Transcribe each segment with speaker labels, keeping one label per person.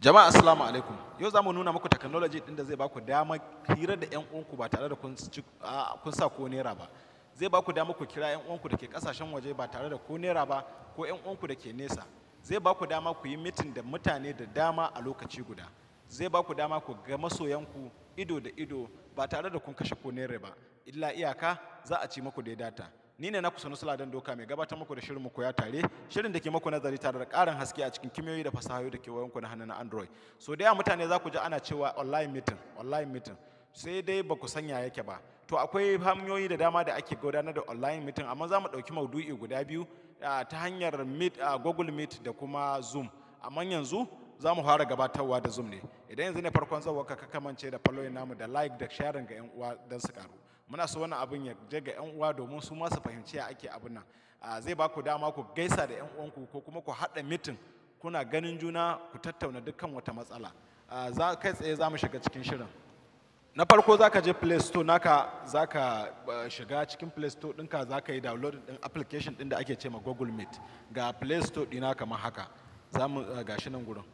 Speaker 1: jama'a assalamu alaikum yau za mu nuna muku technology din da zai baku dama hira da yan uwanku ba tare da kun sa ko naira ba zai baku dama ku kira yan uwanku da ke kasashen waje ba tare da ko naira ba ko yan uwanku da ke nesa zai baku dama ku yi mitin da mutane da dama a lokaci guda zai baku dama ku ga masoyanku ido da ido ba tare da kun kashe ko naira ba illa iyaka za a ci muku dai data ni ne na kusa suladan doka mai gabatar muku da shirin ya tare shirin da ke muku nazari tare da karin haske a cikin kimiyoyi da fasahohi da ke wayanku na hannun android so da mutane za ku ji ana cewa online meeting online meeting sai dai ba ku sanya yake ba to akwai hanyoyi da dama da ake gudanar da online meeting amma za mu ɗauki maudu'i guda biyu ta hanyar a google meet da kuma zoom amma yanzu za mu fara gabatarwa da zoom ne idan yanzu ne farkon zawo ka kamance da following namu da like da sharing ga 'yan uwa don su karu muna so wannan abin ya je ga 'yan uwa domin su masu su fahimci ya ake abin nan zai ba ku dama ku gaisa da 'yan uwanku ko kuma ku haɗa mitin kuna ganin juna ku tattauna dukkan wata matsala za kai tsaye za mu shiga cikin shirin na farko za ka je play store naka za ka shiga cikin play store ɗinka za ka yi download ɗin application ɗin da ake ce ma google meet ga play store ɗina kamar haka za mu ga shi nan gurin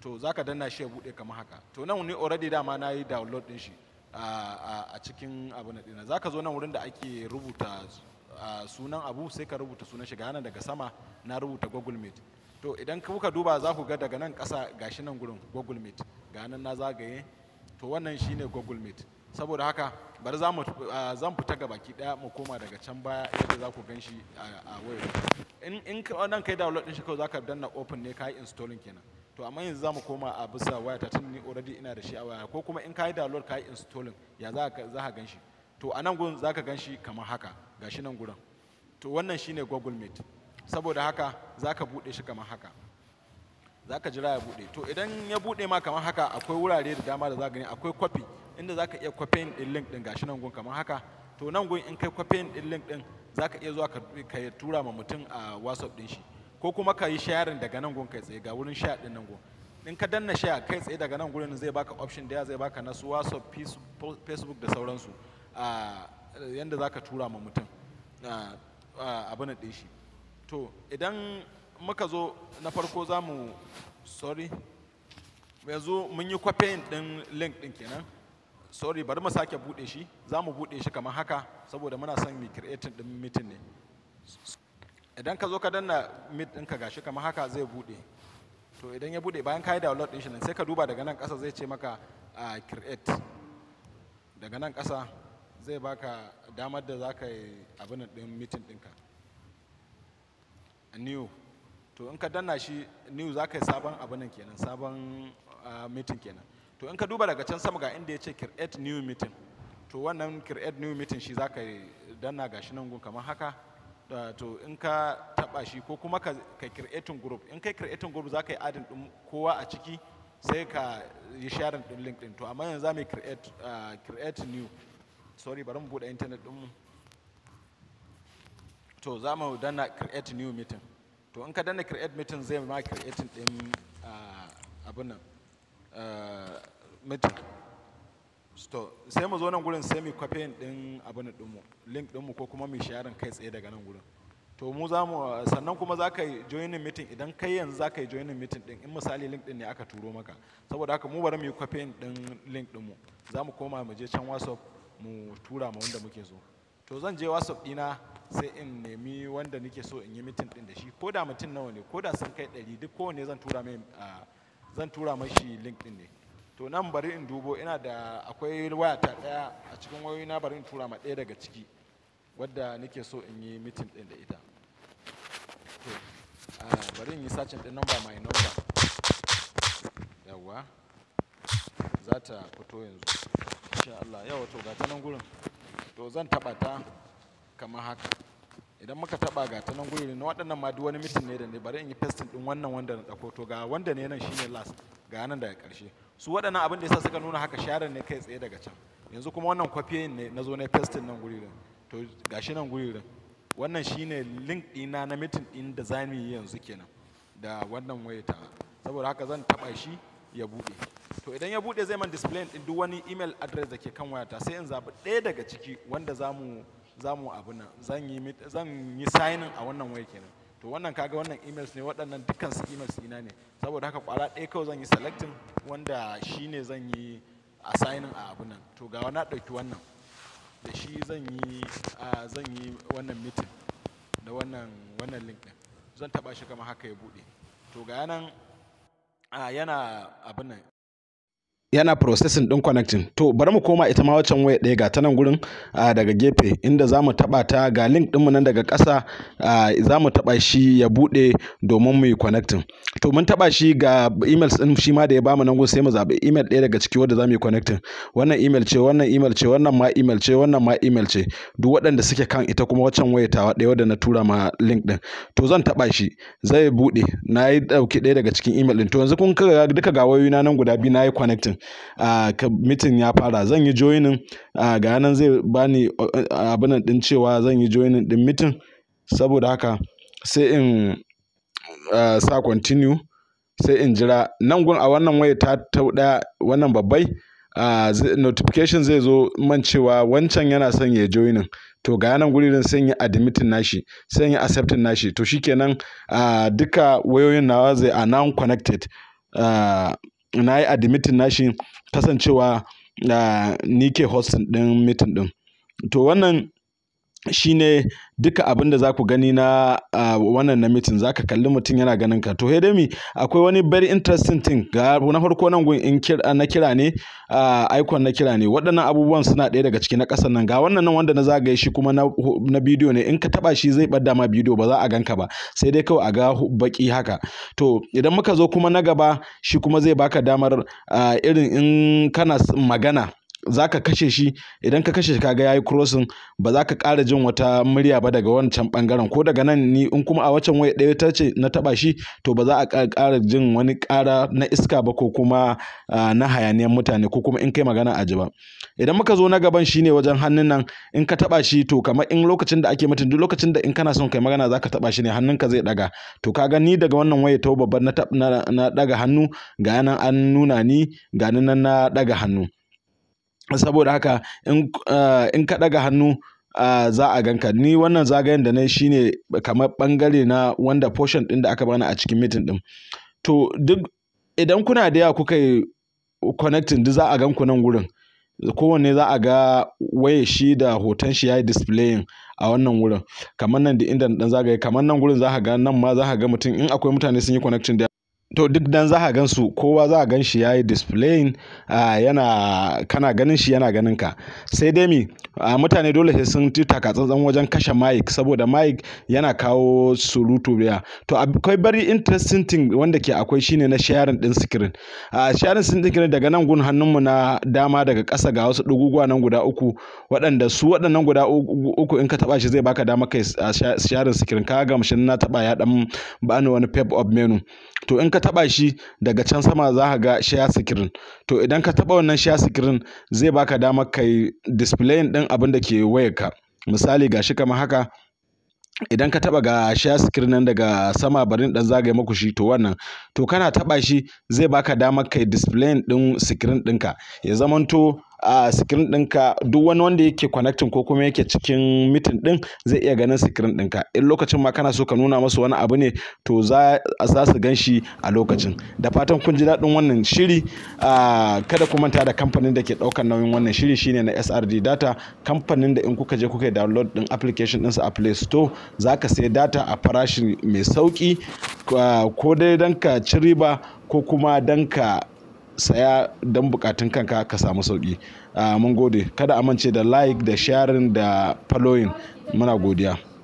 Speaker 1: to za ka danna shi ya buɗe kamar haka to nan ni already dama na yi download ɗin shi a cikin abu na dina za ka zo nan wurin da ake rubuta sunan abu sai ka rubuta sunan shiga nan daga sama na rubuta google meet to idan kuka duba za ku ga daga nan ƙasa gashi nan gurin google meet ga nan na zagaye to wannan shine google meet saboda haka bari za mu zan fita ga baki daya mu koma daga can baya yadda za ku gan shi a wayar in nan kai download din shi kawai za ka danna open ne ka yi installing kenan to amma yanzu za mu koma a bisa waya ta tun ni already ina da shi a waya ko kuma in ka yi download ka yi installing ya za ka gan shi to a nan gurin za ka gan shi kamar haka ga shi nan gurin to wannan shine google meet saboda haka za ka buɗe shi kamar haka za ka jira ya buɗe to idan ya buɗe ma kamar haka akwai wurare da dama da za gani akwai kwafi inda za ka iya copy ɗin link ɗin gashi nan gurin kamar haka to nan gurin in kai copy ɗin link ɗin za ka iya zuwa ka tura ma mutum a whatsapp ɗin shi ko kuma ka yi sharing daga nan gun kai tsaye ga wurin sha din nan gun in ka danna sha kai tsaye daga nan gurin zai baka option daya zai baka na su whatsapp facebook da sauransu a yanda zaka tura ma mutum abin din shi to idan muka zo na farko za mu sorry yanzu mun yi kwafin din link din kenan sorry bari mu sake bude shi za mu bude shi kamar haka saboda muna son mu creating din meeting ne idan ka zo ka danna mid ɗinka gashi kamar haka zai buɗe to idan ya buɗe bayan ka yi download ɗin shi nan sai ka duba daga nan ƙasa zai ce maka a create daga nan ƙasa zai baka damar da za ka yi abin ɗin mitin ɗinka new to in ka danna shi new za ka yi sabon abin kenan sabon mitin kenan to in ka duba daga can sama ga inda ya ce create new meeting to wannan create new meeting shi za ka danna gashi nan gun kamar haka Eh, to in ka taɓa shi ko kuma ka creating group in kai creating group za ka yi adin ɗin kowa a ciki sai ka yi sharing ɗin link ɗin to amma yanzu za mu create eh, create new sorry bari mu buɗe internet mu to za mu danna create new meeting to in ka danna create meeting zai ma creating ɗin eh, abin nan meeting to sai mu zo nan gurin sai mu kafe din abin mu link mu ko kuma mu sharing kai tsaye daga nan gurin to mu za mu sannan kuma za ka yi joinin meeting idan kai yanzu za ka yi joinin meeting din in misali link din ne aka turo maka saboda haka mu bari mu yi kwafe din link dinmu za mu koma mu je can whatsapp mu tura ma wanda muke so to zan je whatsapp dina sai in nemi wanda nake so in yi meeting din da shi ko da mutum nawa ne ko da sun kai ɗari duk kowane zan tura mai ah, zan tura shi link din ne to nan bari in dubo ina da akwai waya ta daya a cikin wayoyi na bari in tura ma daya daga ciki wadda nake so in yi meeting din da ita to ah, bari in yi sacin din number my number yawa za ta fito yanzu insha Allah yawa to ga ta nan gurin to zan taba ta kamar haka idan muka taba ga ta nan gurin na waɗannan ma duk wani mitin ne da ne bari in yi pasting din wannan wanda na ɗauko to ga wanda ne nan shine last ga nan daga ƙarshe su waɗannan abin da ya sa suka nuna haka sharan ne kai tsaye daga can yanzu kuma wannan kwafiyoyin ne na zo na testin nan guri to gashi nan guri wannan shine link ɗina na mitin ɗin da za mu yi yanzu kenan da wannan waya ta saboda haka zan taɓa shi ya buɗe to idan ya buɗe zai man display ɗin duk wani email address da ke kan wayata sai in zaɓi ɗaya daga ciki wanda za mu za mu abu nan zan yi signing a wannan waya kenan to wannan kaga wannan emails ne waɗannan dukkan su emails ina ne saboda haka kwara ɗaya kawai zan yi selecting wanda shi ne zan yi assigning a abun nan to ga na ɗauki wannan da shi zan yi zan yi wannan meeting da wannan wannan link ɗin zan taɓa shi kamar haka ya buɗe to ga nan yana abu nan yana processing din connecting to bari mu koma ita ma waccan waya ɗaya ga ta nan gurin daga gefe inda za mu taɓa ta ga link ɗinmu nan daga ƙasa za mu taɓa shi ya buɗe domin mu yi connecting to mun taɓa shi ga email ɗin shi ma da ya bamu nan gurin sai mu zaɓi email ɗaya daga ciki wanda za mu yi connecting wannan email ce wannan email ce wannan ma email ce wannan ma email ce duk waɗanda suke kan ita kuma waccan waya tawa ɗaya wadda na tura ma link ɗin to zan taɓa shi zai buɗe na yi ɗauki ɗaya daga cikin email ɗin to yanzu kun ka duka ga wayoyi na nan guda biyu na yi connecting mitin ya fara zan yi joinin ga nan zai bani abinan din cewa zan yi joinin din mitin saboda haka sai in sa continue sai in jira nan gun a wannan waya ta tauɗa wannan babbai notification zai zo man cewa wancan yana son ya joinin to ga nan guri din sai yi admitting nashi sai yi accepting nashi to shikenan duka wayoyin nawa zai a non connected na yi admitting nashi kasancewa ah, ni ke hosting ɗin meeting ɗin. To wannan shi ne duka abin da za ku gani na wannan na mitin za ka kalli mutum yana ganin ka to hedemi akwai wani very interesting thing ga na farko nan gun na kira ne icon na kira ne waɗannan abubuwan suna ɗaya daga ciki na ƙasar nan ga wannan nan wanda na zagaye shi kuma na bidiyo ne in ka taba shi zai ɓadda ma bidiyo ba za a ganka ba sai dai kawai a ga baki haka to idan muka zo kuma na gaba shi kuma zai baka damar irin in kana magana za ka kashe shi idan ka kashe shi kaga yayi crossing ba za ka ƙara jin wata murya ba daga wancan bangaren ko daga nan ni in kuma a wancan waya ɗaya ta ce na taba shi to ba za a ƙara jin wani ƙara na iska ba ko kuma na hayaniyan mutane ko kuma in kai magana a ji ba idan muka zo na gaban shi ne wajen hannun nan in ka taba shi to kamar in lokacin da ake mutum duk lokacin da in kana son kai magana za ka taba shi ne hannunka zai daga to kaga ni daga wannan waya ta babban na daga hannu ga nan an nuna ni ga nan na daga hannu saboda haka eh, in ka ɗaga hannu eh, za a ganka ni wannan zagayen da na shine kamar bangare na wanda portion din da aka bani a cikin meeting din to duk idan kuna da yawa kuka yi connecting duk za a ganku nan wurin, kowanne za a ga waye shi da hoton shi ya yi displaying a wannan wurin kamar nan da inda dan zagaye kamar nan wurin za a ga nan ma za a ga mutum in akwai mutane sun yi connecting da to duk dan za ka gan su kowa za ka gan shi ya yi displaying yana kana ganin shi yana ganin ka sai dai mi mutane dole sai sun taka tsantsan wajen kashe mic saboda mic yana kawo surutu biya to akwai bari interesting thing wanda ke akwai shine na sharing din screen sharing din screen daga nan gun hannunmu na dama daga ƙasa ga wasu ɗuguguwa nan guda uku waɗanda su waɗannan guda uku in ka taba shi zai baka dama kai sharing screen ka ga mashin na taba ya dan bani wani pep up menu to in ka taɓa shi daga can sama za ka ga share screen to idan ka taɓa wannan share screen zai baka damar ka yi display ɗin abin da ke wayarka misali gashi kamar haka idan ka taba ga share screen nan daga sama barin dan zagaye maku shi to wannan to kana taba shi zai baka damar kai display din screen ɗinka ya zamanto a screen ɗinka duk wani wanda yake connecting ko kuma yake cikin meeting ɗin zai iya ganin screen ɗinka in lokacin ma kana so ka nuna masu wani abu ne to za su gan shi a lokacin da fatan kun ji daɗin wannan shiri kada ku manta da kamfanin da ke ɗaukar nauyin wannan shiri shine na SRD data kamfanin da in kuka je kuka download ɗin application ɗinsa a Play Store za ka sai data a farashi mai sauki ko dai don ka ci riba ko kuma don ka saya don bukatun kanka ka samu sauki ah, mun gode kada amince da like da sharing da following muna godiya